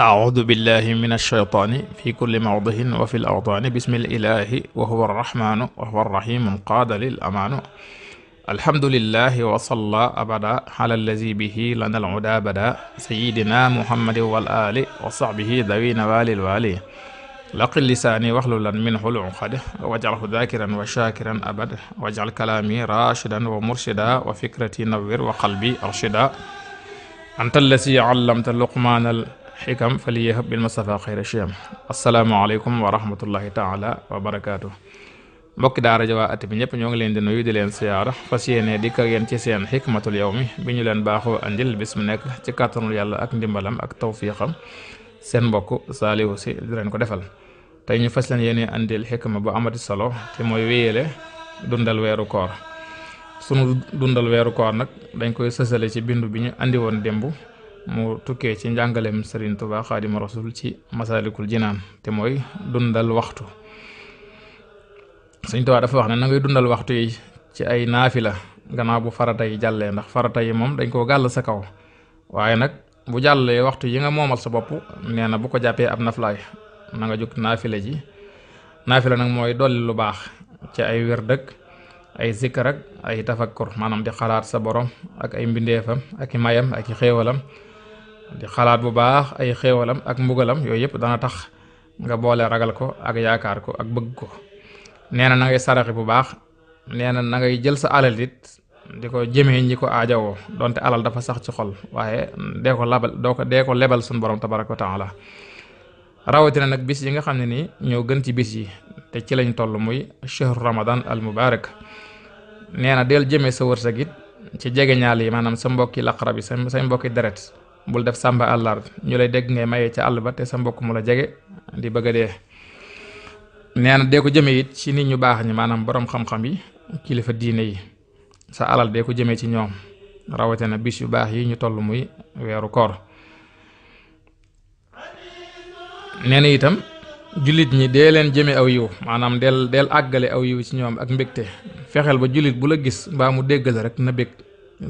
aaudu billahi min alsheytaani fi kulli mawdihin wa fi l awtaani bismi lilahi wa huwa arrahmaanu wa huwa arrahimu qaada lil amaanu alhamdulillahi wa salla abada ala allazi bihi lana alhuda bada sayidina muhammadin wal ali wa sahbihi dawi nawalil wali laqi lisaani waxlulan min xulun xade wajalhu dakiran wa shakiran abad wajal kalaami rashidan wa murshida wa fikrati nawir wa qalbi arshida anta allasi allamta luqmaanal xikam fali yahab bil mustafa xayra shiyam asalaamaaleykum wa rahmatullahi taala wa barakaatu mbokki daara ja waa at bi ñëpp ñoo ngi leen di nuyu di leen siyaara fas yéene dikk ak yéen ci seen xikmatul mi bi ñu leen baaxoo andil bis mu nekk ci kàttanul yàlla ak ndimbalam ak tawfiqam seen mbokk saalihu si leen ko defal te ñu fas leen yéene andil xikma bu amati solo te mooy wéyale dundal weeru koor sunu dundal weeru koor nag dañ koy sësale ci bindu bi ñu andi woon démb mu tukkee ci njàngaleem Serigne Touba Xaadimu Rasul ci Masaalikul Jinaan te mooy dundal waxtu Serigne Touba dafa wax ne na ngay dundal waxtu yi ci ay naafila gannaaw bu farata yi jàllee ndax farata yi moom dañ koo gàll sa kaw waaye nag bu jàllee waxtu yi nga moomal sa bopp nee na bu ko jàppee ab naflaay nanga nga jóg naafila ji naafila nag mooy dolli lu baax ci ay weer dëkk ay zikkar ak ay tafakkur maanaam di xalaat sa borom ak ay mbindeefam ak i mayam ak i xéewalam di xalaat bu baax ay xéewalam ak mbugalam yooyu yëpp dana tax nga boole ragal ko ak yaakaar ko ak bëgg ko nee na na ngay saraxi bu baax nee na na jël sa alal it di ko jëmee ñi ko aajawoo donte alal dafa sax ci xol waaye dee ko labal doo ko dee ko lebal suñu borom tabaraka wa la rawatina nag bis yi nga xam ne nii ñoo gën ci bis yi te ci lañ toll muy shahru ramadan al mubarak nee na del jëmee sa wërsëg it ci jege ñaal yi maanaam sa mbokki laqrab yi sa say mbokki deret bul def sàmba àllar ñu lay dégg ngay maye ca àll ba te sa mbokk mu la jege di bëgg a dee nee na dee ko jëmee it ci nit ñu baax ñi maanaam boroom xam-xam yi kilifa diine yi sa alal dee ko jëmee ci ñoom rawatina bis yu baax yi ñu toll muy weeru koor nee itam jullit ñi dee leen jëme aw yiw maanaam del del àggale aw yiw ci ñoom ak mbégte fexeel ba jullit bu la gis mbaa mu dégg rek na bég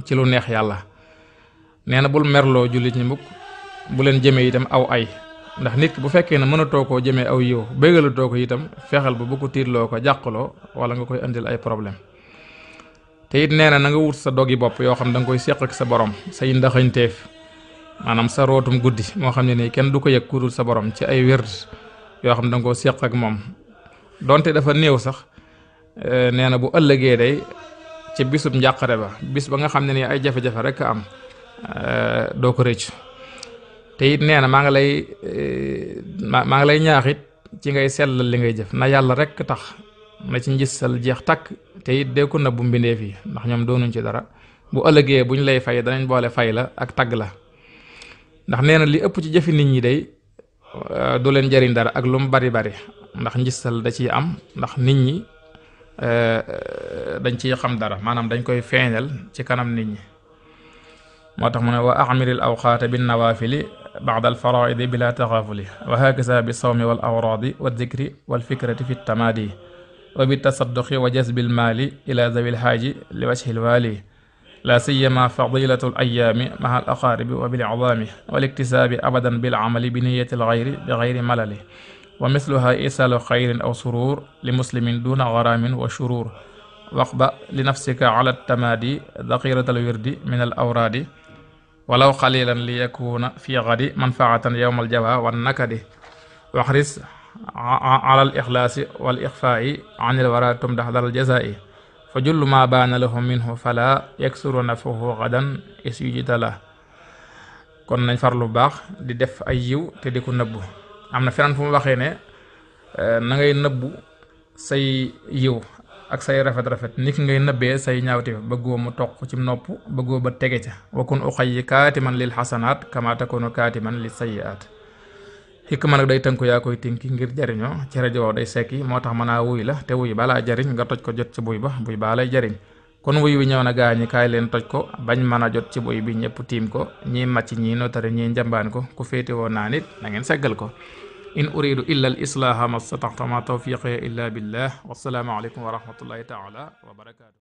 ci lu neex yàlla nee na bul merloo jullit ñi mukk bu leen jëmee itam aw ay ndax nit bu fekkee ne mënatoo koo jëmee aw yiw bégalatoo ko itam fexeel ba bu ko tiitloo ko jàqloo wala nga koy indil ay problème te yit nee na na nga wut sa dogi bopp yoo xam da nga koy seq ak sa borom say ndaxañteef maanaam sa rootum guddi moo xam ne nii kenn du ko yëg kudul sa borom ci ay wér yoo xam da nga koo seq ak moom donte dafa néew sax eh, nee na bu ëllëgee day ci bisub njàqare ba bis ba nga xam ne nii ay jafe-jafe rek am Euh, doo ko rëcc te it nee na maa ngi lay eh, maa ngi lay ñaaxit ci ngay sellal li ngay jëf na yàlla rek tax na ci njissal jeex takk te it dee ko na bu mbindeef yi ndax ñoom doonuñ ci dara bu ëllëgee bu ñu lay fay danañ boole fay la ak tagg la ndax nee na li ëpp ci jëfi nit ñi day euh, du leen jariñ dara ak lu mu bari bari ndax njissal da ciy am ndax nit ñi euh, dañ ciy xam dara maanaam dañ koy feeñal ci kanam nit ñi moo tax mu ne wa axmiril awqaata bin nawaafili baad al faraidi bila taxaafuli wa hakasa bi sawmi wal awraadi wa dikri wal fikrati fi tamaadi wa bi tasadduqi wa jazbil maali ila zawil haaji li wajhil waali laa siyama fadilatu al ayaami maha al aqaaribi wa bil idaami wal iktisaabi abadan bil amali bi niyati al gayri bi gayri malali wa misluha isaalu xayrin aw suruur li muslimin duna garaamin wa shuruur waqba li nafsika ala tamaadi daqirat al wirdi min al awraadi walaw xalilan li yakuna fi gadi manfaatan yowmal jawa wan nakadi waxris ala al ixlaasi wal ixfaai anil wara tumdax daral jazaai fa jullu ma baana lahum minhu fala yaksuru nafahu gadan is yujita la kon nañ farlu bu baax di def ay yiw te di ko nëbbu am na feneen fu mu waxee eh, nëbbu say yiw ak say rafet-rafet ni ki ngay nëbbee say ñaawte bëggoo mu toq ci nopp bëggoo ba tege ca kon uxay yi kaati kaatiman lil xasanaat man takunu kaatiman lil sayiaat xikma nag day tënku yaa koy tinki ngir jariñoo ci rajo day sekki moo tax mën a wuy la te wuy balaa jariñ nga toj ko jot ci buy ba buy baa lay jariñ kon wuy wi ñëw na gaa ñi kaay leen toj ko bañ mën a jot ci buy bi ñëpp tiim ko ñii màcc ñii notari ñii njambaan ko ku féete woon naa nit na ngeen ko in uridu illa al islaha ma stataxta ma tawfiqi illa billah wassalaamu aleykum wa rahmatullahi taala wa barakatu